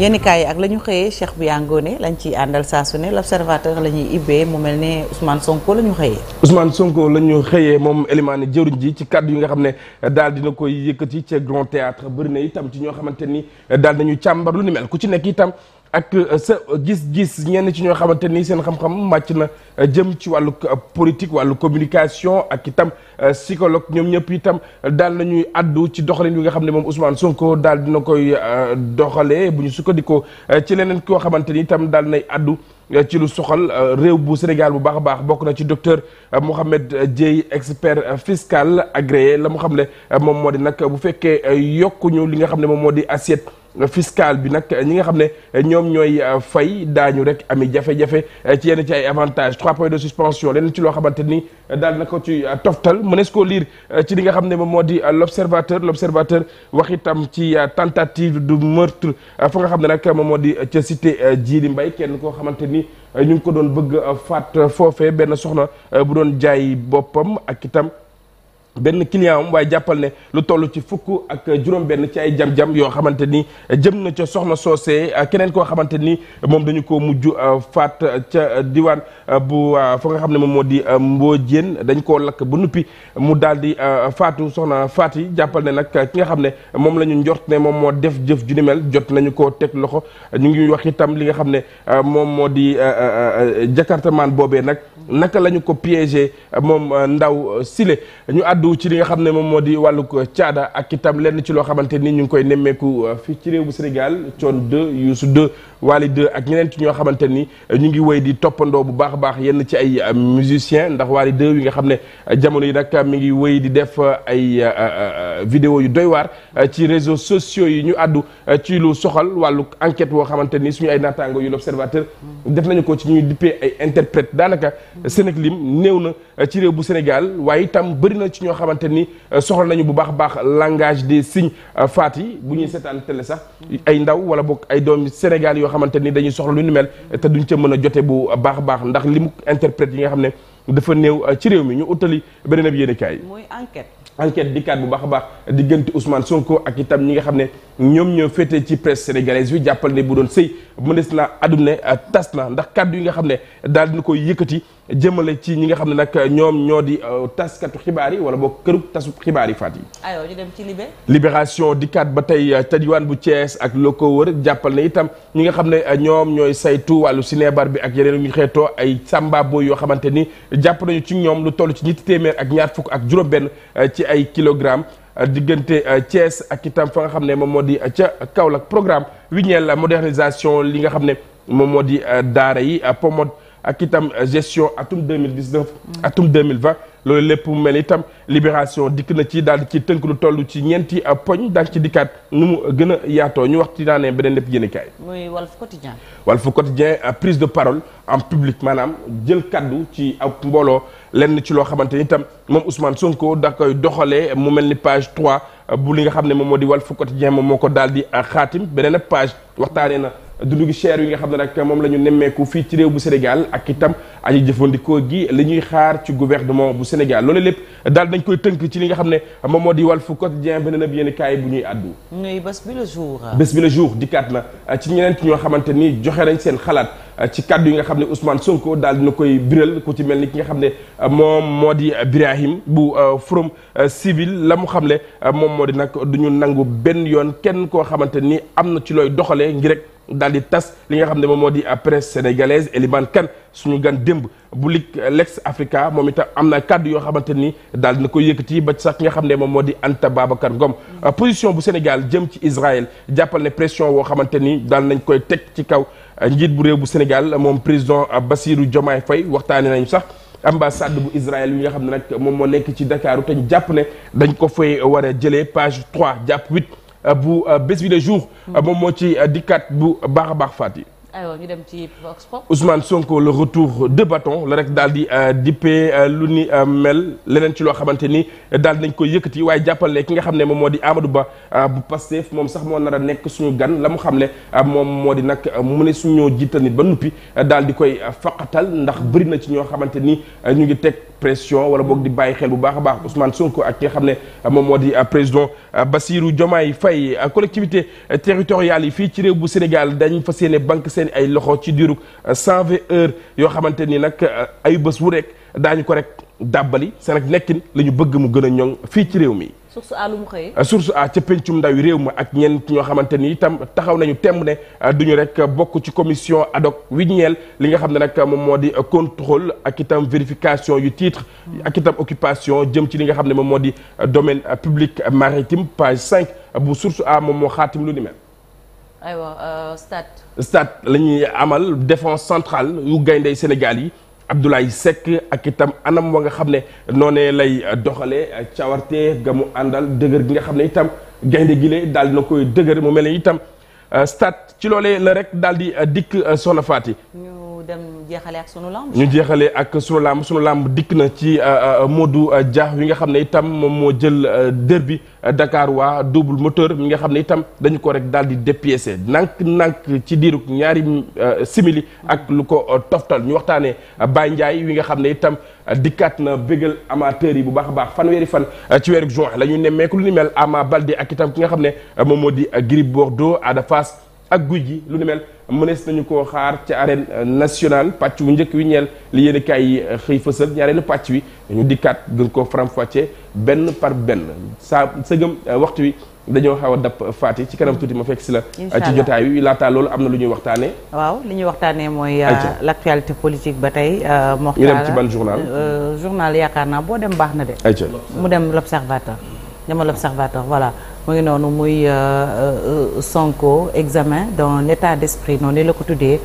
yenn kaay yi ak la ñu xëyee Cheikh bu Ngoné lañ ciy àndal saa su ne l' observateur la ñuy ibbee mu mel ne Ousmane Sonko la ñu xëyee. Ousmane Sonko la ñu xëyee moom Elimane jëruñ ji ci kàddu yi nga xam ne daal dina koy yëkkati ca Grand Théâtre bëri na itam ci ñoo xamante ni daal nañu càmbar lu ni mel ku ci nekk itam. ak euh, sa gis-gis ñenn ci ñoo xamante ni seen xam-xam màcc na euh, jëm ci wàllu euh, politique wàllu communication ak itam psychologue ñoom ñëpp itam daal na ñuy addu ci doxalin bi nga xam ne moom Ousmane Sonko daal dina koy doxalee bu ñu sukkandikoo ci leneen koo xamante ni itam daal nay àddu ci lu soxal réew bu Sénégal bu baax a baax bokk na ci docteur Mohamed Dieye expert fiscal agréé la mu xam ne moom moo di nag bu fekkee yokkuñu li nga xam ne moom moo di assiette. fiscale bi nag ñi nga xam ne ñoom ñooy euh, fay daañu rekk ami jafe-jafe euh, ci yenn ci ay avantages trois points de suspension leneen ci loo xamante nii euh, daal na ko ci toftal mënees koo lire ci li nga xam ne moom moo di l'observateur l'observateur wax itam ci tentative de meurtre fa nga xam ne nag moom moo di ca cité Djily mbay kenn koo xamante ni ñu ngi ko doon bëgg faat foofe benn soxna bu doon jaay boppam ak itam benn client am waaye jàppal ne lu toll ci fukk ak juróom-benn ci ay jam-jam yoo xamante ni jëm na ca soxna soosee keneen koo xamante ni moom dañu ko mujj euh, faat ca diwaan euh, bu euh, fa nga xam ne moom moo di Mbodiène dañ koo lakk ba nuppi mu daal di faatu soxna faat yi jàppal ne nag ki nga xam ne moom la ñu njort ne moom moo def jëf ju ni mel jot nañu ko teg loxo ñu ngi wax itam li nga xam ne moom moo di jakartamaan boobee nag naka lañu ko piégé moom ndaw Sile ñu àdd addu ci li nga xam ne moom moo di wàllu caada ak itam lenn ci loo xamante ni ñu koy nemmeeku euh, fii ci réew bu Sénégal coon 2 Youssou 2 ak ñeneen ci ñoo xamante nii ñu ngi woy di toppandoo bu baax a baax yenn ci ay euh, musiciens ndax Wally de yi nga xam ne euh, jamono yi nag mi ngi woy di def ay vidéo yu doy waar ci réseau sociaux yi ñu addu ci lu soxal wàllu enquête woo xamante ni suñu ay naataango yu l'observateur def nañu ko ci ñuy dippee ay interprète daanaka Sénégal lim néew na ci réew bu Sénégal waaye itam bëri na ci ñoo xamante ni euh, soxla nañu bu baax a baax langage des signes euh, faat yi bu ñuy seetaan télé sax ay ndaw wala boog ay doomi Sénégal yoo xamante ni dañuy soxla lu ni mel te duñ ca mën a jote bu baax a baax ndax li mu interprète yi nga xam ne dafa néew euh, ci réew mi ñu utali beneen ab yéenekaay yi mooy enquête enquête dikkaat bu baax a baax diggante Ousmane Sonko ak itam ñi nga xam ne ñoom ñoo féete ci presse sénégalaise bi jàppal ne bu doon sëy mënees naa àdduna euh, tas na ndax kàddu yi nga xam ne daal dina koy yëkkati jëmale ci ñi nga xam ne nag euh, ñoom ñoo di taskatu xibaar yi wala boo këru tasu xibaar yi faat yi. aywa ñu ci Libé. Libération dikkaat ba tey ca diwaan bu Thiès ak loo ko wër jàppal itam ñi nga xam ne ñoom ñooy saytu wàllu sinébar bi ak yeneen ñu xeetoo ay sàmbaaboo yoo xamante ni jàpp nañu ci ñoom lu toll ci ñetti téeméer ak ñaar fukk ak juróom-benn euh, ci ay kilogramme euh, diggante euh, Thiès ak itam fa nga xam ne moom moo di ca Kaolack programme wi la modernisation li nga xam ne moom moo di daara yi POMOD ak itam gestion atum 2019 mm. atum 2020 loolu lépp mu mel itam libération dikk na ci daal di ci tënk lu toll ci ñeenti poñ daal ci dikkaat nu mu gën a yaatoo ñu wax ci daanee beneen lépp yéen kaay. muy Walf Quotidien. Walf Quotidien euh, prise de parole en public maanaam jël kàddu ci ab mbooloo lenn ci loo xamante ni itam moom Ousmane Sonko da koy doxalee mu mel ni page 3 euh, bu li nga xam ne moom moo di Walf Quotidien moom moo ko daal di euh, xaatim beneen page waxtaanee na. dund gi cher yi nga xam ne nag moom la ñu nemmeeku fii ci réew bu Sénégal ak itam aji jëfandikoo gi li ñuy xaar ci gouvernement bu Sénégal loolu lépp daal dañ koy tënk ci li nga xam ne moom moo di Walf Quotidien beneen ab yéen kaay bu ñuy àddu. nuyu bés bi le jour. bés na ci ñeneen ñoo xamante ni joxe nañ seen xalaat. ci kàddu yi nga xam ne Ousmane Sonko daal dina koy biral ku ci mel ni ki nga xam ne moom moo di Birahim bu euh, Forum euh, Civil la mu xam ne euh, moom moo di nag du ñu nangu benn yoon kenn koo xamante ni am na ci looy doxalee ngi rek daal di tas li nga xam ne moom moo di presse sénégalaise Eliman Kane suñu gan démb bu lig Lex Africa moom itam am na kàddu yoo xamante ni daal dina ko yëkkati ba sax ki nga xam ne moom moo di Anta Babacar Ngom euh, position bu Sénégal jëm ci Israël jàppal ne pression xamante ni daal nañ koy teg ci kaw euh, njiit bu réew bu Sénégal moom président Bassirou Diomaye Faye waxtaane nañu sax ambassade bu Israël yi nga xam ne nag moom moo nekk ci Dakar te ñu jàpp ne dañ ko fay war a jëlee page 3 jàpp 8 bu bés bi le jour. moom moo ci dikkaat bu baax a baax faat yi aywa ñu dem ci Vox Pop. Ousmane Sonko le retour de baton la rek daal di euh, dippee euh, lu ni euh, mel leneen ci loo xamante ni daal di nañ koy yëkkati waaye jàppale ki nga xam ne moom moo di Amadou Ba bu Pastef moom sax moo nar a nekk suñu gan la mu xam ne moom moo di nag mu ne suñoo jiital nit ba nuppi daal di koy faqatal ndax bëri na ci ñoo xamante ni ñu ngi teg pression wala boog di bàyyi xel bu baax a baax Ousmane Sonko ak ki nga xam ne moom moo di président Bassirou Diomaye Faye collectivité territoriale yi fii ci bu Sénégal dañ fas yéene banque seen ay loxo ci diirug cent vingt heures yoo xamante ni nag euh, ay bés wu rek daañu ko rek dàbbali seen ak nekkin la ñu bëgg mu gën a ñoŋ fii ci réew mi. source a lu mu xëyee. Euh, source a ca pencum ndaw yi réew ma ak ñeent ñoo xamante ni itam taxaw nañu temb ne euh, duñu rek bokk ci commission ad wi ñeel li nga xam ne nag moom moo di contrôle ak itam vérification yu titre ak itam occupation jëm ci li nga xam ne moom moo di domaine public maritime page cinq bu source a moom moo xaatim lu aywa euh, stade. stade la ñuy amal défense centrale yu gayndey Sénégal yi Abdoulaye Seck ak itam anam wa nga xam ne noonee lay doxalee cawarte ga mu àndal dëgër gi nga xam ne itam gaynde gi lee daal dina koy dëgër mu mel ne itam euh, stade ci loolee la rek daal di euh, dikk Soxna Faty ñu dem jeexale ak sunu lamb. ñu jeexalee ak sunu lamb sunu dikk na ci euh, euh, Modou euh, Dia wi nga xam ne itam moom moo jël derbi Dakar waa double moteur mi nga xam ne itam dañu ko rek daal di dépiécé nànk-nànk ci diirug ñaari simili ak lu ko toftal ñu waxtaanee baay Ndiaye wi nga xam ne itam dikkaat na bégal amateur yi bu baax a baax fanweeri fan ci weeru join la ñu nemmeeku lu ni mel Ama Baldé ak itam ki nga xam ne moom moo di Gris Bordeaux Ada Fass ak guy gi lu ni mel. mënees nañu koo xaar ca arène nationale pacc wu njëkk wi ñeel li yéen kaay yi euh, xëy fësal ñaareelu pàcc wi dañu dikkaat gën ko faram-fàccee benn par benn saa sëgëm euh, waxtu wi dañoo xaw a dab Fati ci kanam tuuti ma fekk si la. ci jotaay wi laataa loolu am na lu ñuy waxtaanee. waaw li ñuy waxtaanee mooy. Euh, l' actualité politique ba tey. moxtaara ñu dem ci ban journal. journal yaakaar naa boo dem baax na de. mu dem l' observateur. dama l' observateur voilà. mu ngi noonu muy euh, euh, euh, Sonko examen dans l'état d'esprit noonu la ko tuddee